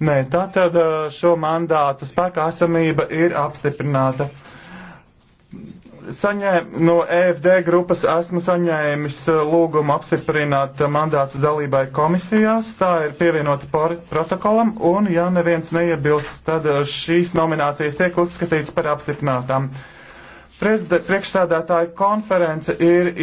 Nē, tātad šo mandātu spēkā esamība ir apstiprināta. Saņēm, no EFD grupas esmu saņēmis lūgumu apstiprināt mandātu dalībai komisijās. Tā ir pievienota protokolam, un ja neviens neiebilst, tad šīs nominācijas tiek uzskatītas par apstiprinātām. Priekšsēdētāja konference ir